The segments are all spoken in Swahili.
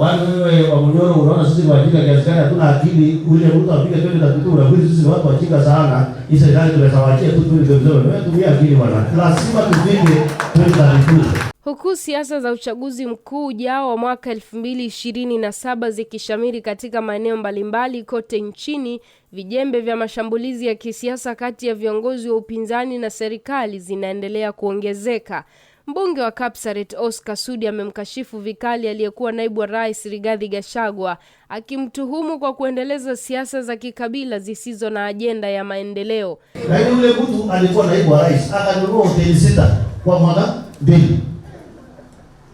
Wale wewe wa Bunyoro unaona sisi kwa wajinga kiasi gani hatuna akili. Ule mtu apige twende na kitu unakwenda sisi watu wachika sana. Hii serikali tunazawaachia tu tu ndio ndio Wewe tumia akili bwana. Lazima tupige twende na kitu. Huku siasa za uchaguzi mkuu ujao wa mwaka 2027 zikishamiri katika maeneo mbalimbali kote nchini, vijembe vya mashambulizi ya kisiasa kati ya viongozi wa upinzani na serikali zinaendelea kuongezeka. Mbunge wa Kapsaret Oscar Sudi amemkashifu vikali aliyekuwa naibu wa rais Rigathi Gachagua akimtuhumu kwa kuendeleza siasa za kikabila zisizo na ajenda ya maendeleo. Na yule mtu alikuwa naibu wa rais akanunua hoteli sita kwa mwaka mbili,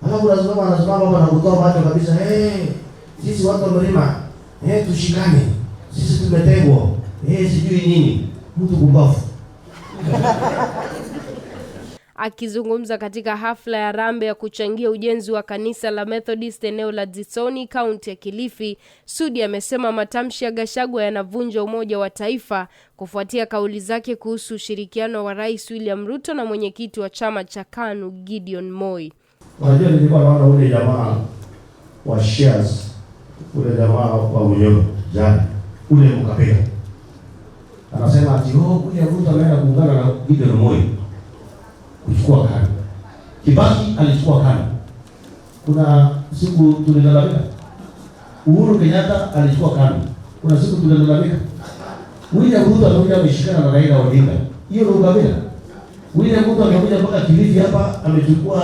alafu lazima na kutoa macho kabisa, sisi watu wa mlima, tushikane, sisi sijui nini, mtu kumbafu Akizungumza katika hafla ya rambe ya kuchangia ujenzi wa kanisa la Methodist eneo la Dzitsoni, kaunti ya Kilifi, Sudi amesema matamshi ya Gashagwa yanavunja umoja wa taifa kufuatia kauli zake kuhusu ushirikiano wa Rais William Ruto na mwenyekiti wa chama cha KANU Gideon Moi. wajua nilikuwa naona ule jamaa wa shares ule jamaa wa Uyeo jana ule mkapea anasema ati oh, kuja Ruto anaenda kuungana na Gideon Moi kuchukua karo. Kibaki alichukua karo. Kuna siku tulilalamika. Uhuru Kenyatta alichukua karo. Kuna siku tulilalamika. William Ruto amekuja ameshikana na Raila Odinga. Hiyo ndio ukabila. William Ruto amekuja mpaka Kilifi hapa amechukua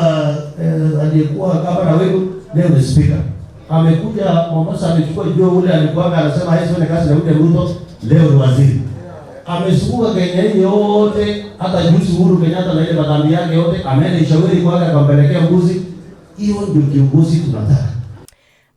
eh, aliyekuwa gavana wetu leo ni speaker. Amekuja Mombasa amechukua Joe ule alikuwa anasema haisione kazi ya William Ruto leo ni waziri amezunguka Kenya hii yote, hata juzi Uhuru Kenyatta na ile madhambi yake yote ameenda ishauri kwake akampelekea mbuzi. Hiyo ndio kiongozi tunataka.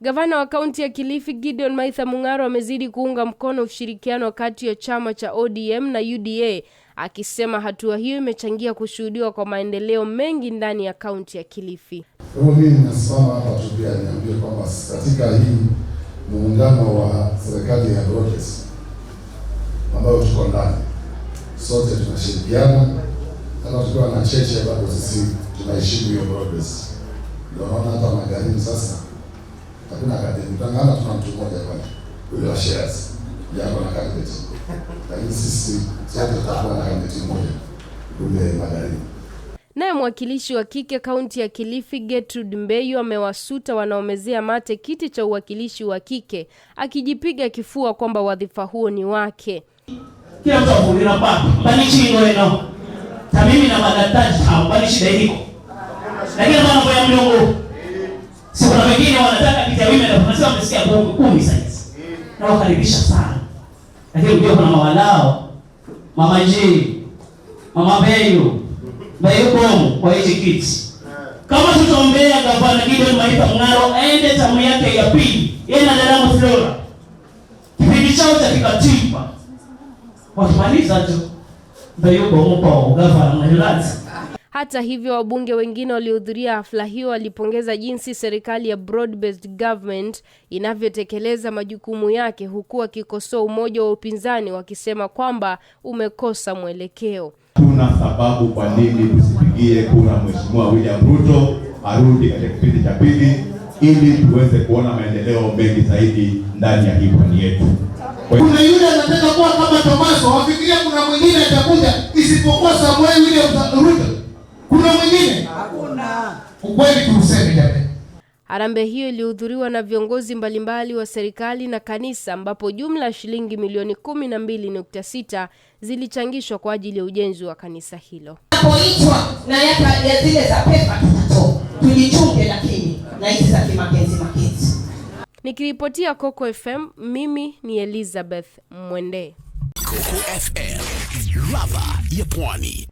Gavana wa kaunti ya Kilifi Gideon Maitha Mung'aro amezidi kuunga mkono ushirikiano kati ya chama cha ODM na UDA akisema hatua hiyo imechangia kushuhudiwa kwa maendeleo mengi ndani ya kaunti ya Kilifi. Kwa Mimi nasimama hapa tu pia niambie kwamba katika hii muungano wa serikali ya Rhodes ambayo tuko ndani, sote tunashirikiana. Hata tukiwa na cheche, bado sisi tunaheshimu hiyo progress. Ndio maana hata magarimu sasa hakuna kadeni tangana, tuna mtu mmoja pale ule wa shares jambo na kadeti, lakini sisi sote tutakuwa na kadeti moja ule magarimu. Naye mwakilishi wa kike kaunti ya Kilifi Gertrude Mbeyu amewasuta wanaomezea mate kiti cha uwakilishi wa kike akijipiga kifua kwamba wadhifa huo ni wake kila mtu avulira baba banichi ino eno tamimi na madaktari hao banishi shida iko lakini bwana kwa mlungu si kuna wengine wanataka kitawime na tunasema msikia bongo kumi sasa na wakaribisha sana lakini unajua kuna mawalao mama ji mama beyo bayo bomu kwa hizi kids kama tutaombea gavana Gideon Maipa Mng'aro aende tamu yake ya pili yeye na dalamu Flora kipindi chao cha kikatiba wakimaliza tu Hata hivyo wabunge wengine waliohudhuria hafla hiyo walipongeza jinsi serikali ya broad based government inavyotekeleza majukumu yake, huku wakikosoa umoja wa upinzani wakisema kwamba umekosa mwelekeo. Tuna sababu kwa nini tusipigie kura mweshimua William Ruto arudi katika kipindi cha pili, ili tuweze kuona maendeleo mengi zaidi ndani ya hipani yetu. Kuna yule anataka kuwa kama Tomaso, wafikiria kuna mwingine atakuja isipokuwa Samuel yule Ruto. Kuna mwingine hakuna. Ukweli tuuseme jamani. Harambe hiyo ilihudhuriwa na viongozi mbalimbali wa serikali na kanisa ambapo jumla ya shilingi milioni kumi na mbili nukta sita zilichangishwa kwa ajili ya ujenzi wa kanisa hilo. Napoitwa na yaka ya zile za pepa tutatoa, tujichunge, lakini na hizi za kimapenzi makini. Nikiripotia Coco FM, mimi ni Elizabeth Mwende, Coco FM, ladha ya Pwani.